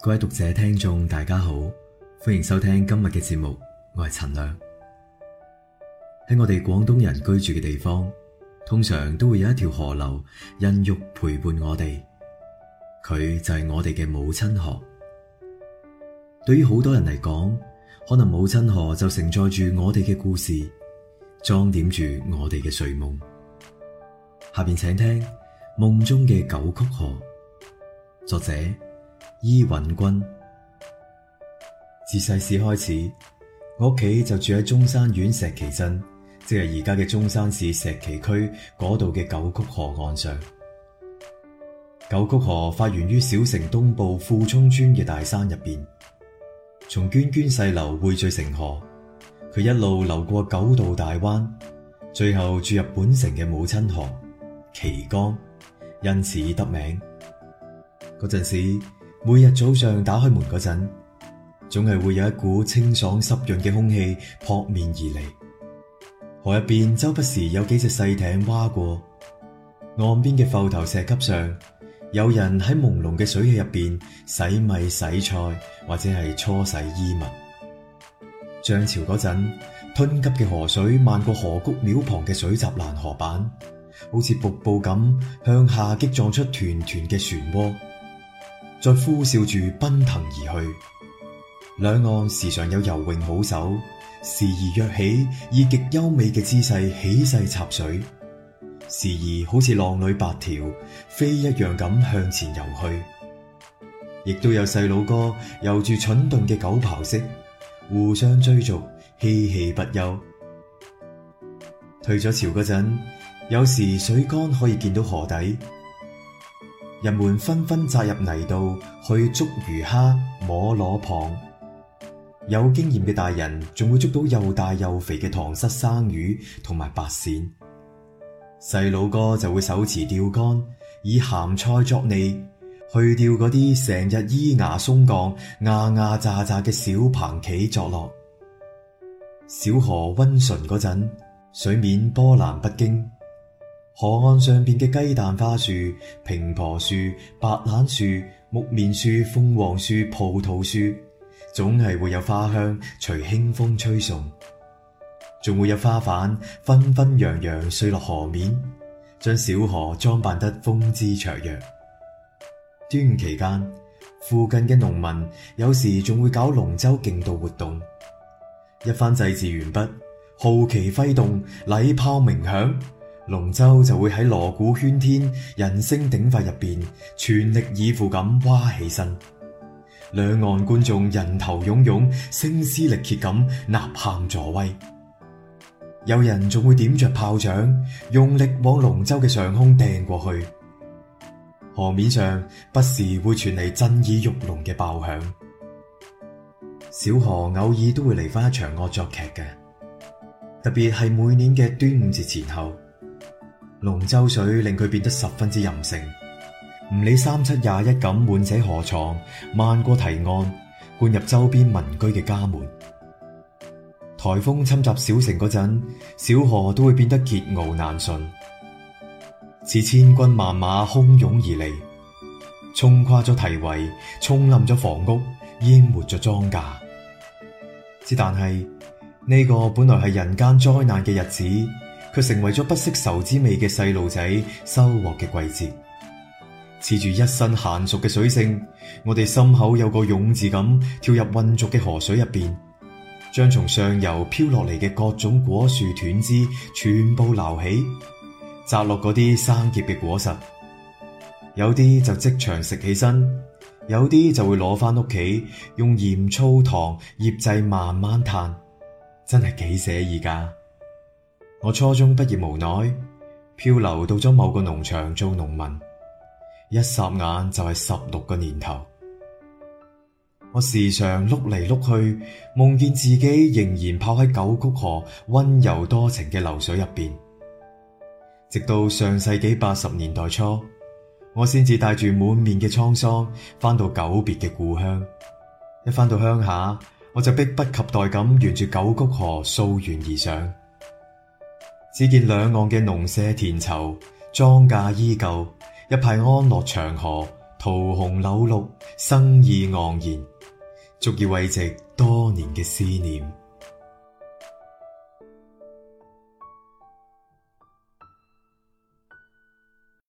各位讀者、聽眾，大家好，歡迎收聽今日嘅節目，我係陳亮。喺我哋廣東人居住嘅地方，通常都會有一條河流孕育陪伴我哋，佢就係我哋嘅母親河。對於好多人嚟講，可能母親河就承載住我哋嘅故事，裝點住我哋嘅睡夢。下邊請聽《夢中嘅九曲河》，作者，伊允軍。自細時開始，我屋企就住喺中山縣石岐鎮，即係而家嘅中山市石岐區嗰度嘅九曲河岸上。九曲河發源於小城東部富沖村嘅大山入邊，從涓涓細流匯聚成河，佢一路流過九道大彎，最後注入本城嘅母親河岐江，因此得名嗰陣時。每日早上打開門嗰陣，總係會有一股清爽濕潤嘅空氣撲面而嚟。河入邊周不時有幾隻細艇劃過，岸邊嘅浮頭石級上，有人喺朦朧嘅水氣入邊洗米洗菜，或者係搓洗衣物。漲潮嗰陣，湍急嘅河水漫過河谷廟旁嘅水閘攔河板，好似瀑布咁向下擊撞出團團嘅漩渦。再呼嘯住奔騰而去，兩岸時常有游泳好手，時而躍起，以極優美嘅姿勢起勢插水；時而好似浪裏白條，飛一樣咁向前游去。亦都有細佬哥游住蠢鈍嘅狗刨式，互相追逐，嬉戲不休。退咗潮嗰陣，有時水乾可以見到河底。人們紛紛紮入泥道去捉魚蝦，摸螺蚌。有經驗嘅大人仲會捉到又大又肥嘅塘虱、生魚同埋白鱔，細佬哥就會手持釣竿，以鹹菜作餌，去釣嗰啲成日咿牙鬆降、亞亞咋咋嘅小蟛蜞作樂。小河温順嗰陣，水面波瀾不驚。河岸上邊嘅雞蛋花樹、平婆樹、白蘭樹、木棉樹、鳳凰樹、葡萄樹，總係會有花香隨輕風吹送，仲會有花瓣紛紛揚揚碎落河面，將小河裝扮得風姿綽約。端午期間，附近嘅農民有時仲會搞龍舟競渡活動。一番祭祀完畢，號旗揮動，禮炮鳴響。龍舟就會喺鑼鼓喧天、人聲鼎沸入邊，全力以赴咁劃起身。兩岸觀眾人頭涌涌，聲嘶力竭咁吶喊助威。有人仲會點着炮仗，用力往龍舟嘅上空掟過去。河面上不時會傳嚟震耳欲聾嘅爆響。小河偶爾都會嚟翻一場惡作劇嘅，特別係每年嘅端午節前後。龍舟水令佢變得十分之任性，唔理三七廿一咁滿者河床，漫過堤岸，灌入周邊民居嘅家門。颱風侵襲小城嗰陣，小河都會變得桀驁難馴，似千軍萬馬洶湧而嚟，沖垮咗堤圍，沖冧咗房屋，淹沒咗莊稼。只但係呢、這個本來係人間災難嘅日子。佢成為咗不識愁滋味嘅細路仔收穫嘅季節。持住一身嫻熟嘅水性，我哋心口有個勇字咁跳入混濁嘅河水入邊，將從上游飄落嚟嘅各種果樹斷枝全部撈起，摘落嗰啲生澀嘅果實，有啲就即場食起身，有啲就會攞翻屋企用鹽、粗糖醃製慢慢嘆，真係幾寫意噶。我初中畢業無奈漂流到咗某個農場做農民，一霎眼就係十六個年頭。我時常碌嚟碌去，夢見自己仍然泡喺九曲河溫柔多情嘅流水入邊。直到上世紀八十年代初，我先至帶住滿面嘅滄桑返到久別嘅故鄉。一返到鄉下，我就迫不及待咁沿住九曲河溯源而上。只見兩岸嘅農舍田疇，莊稼依舊，一派安樂祥和，桃紅柳綠，生意盎然，足以慰藉多年嘅思念。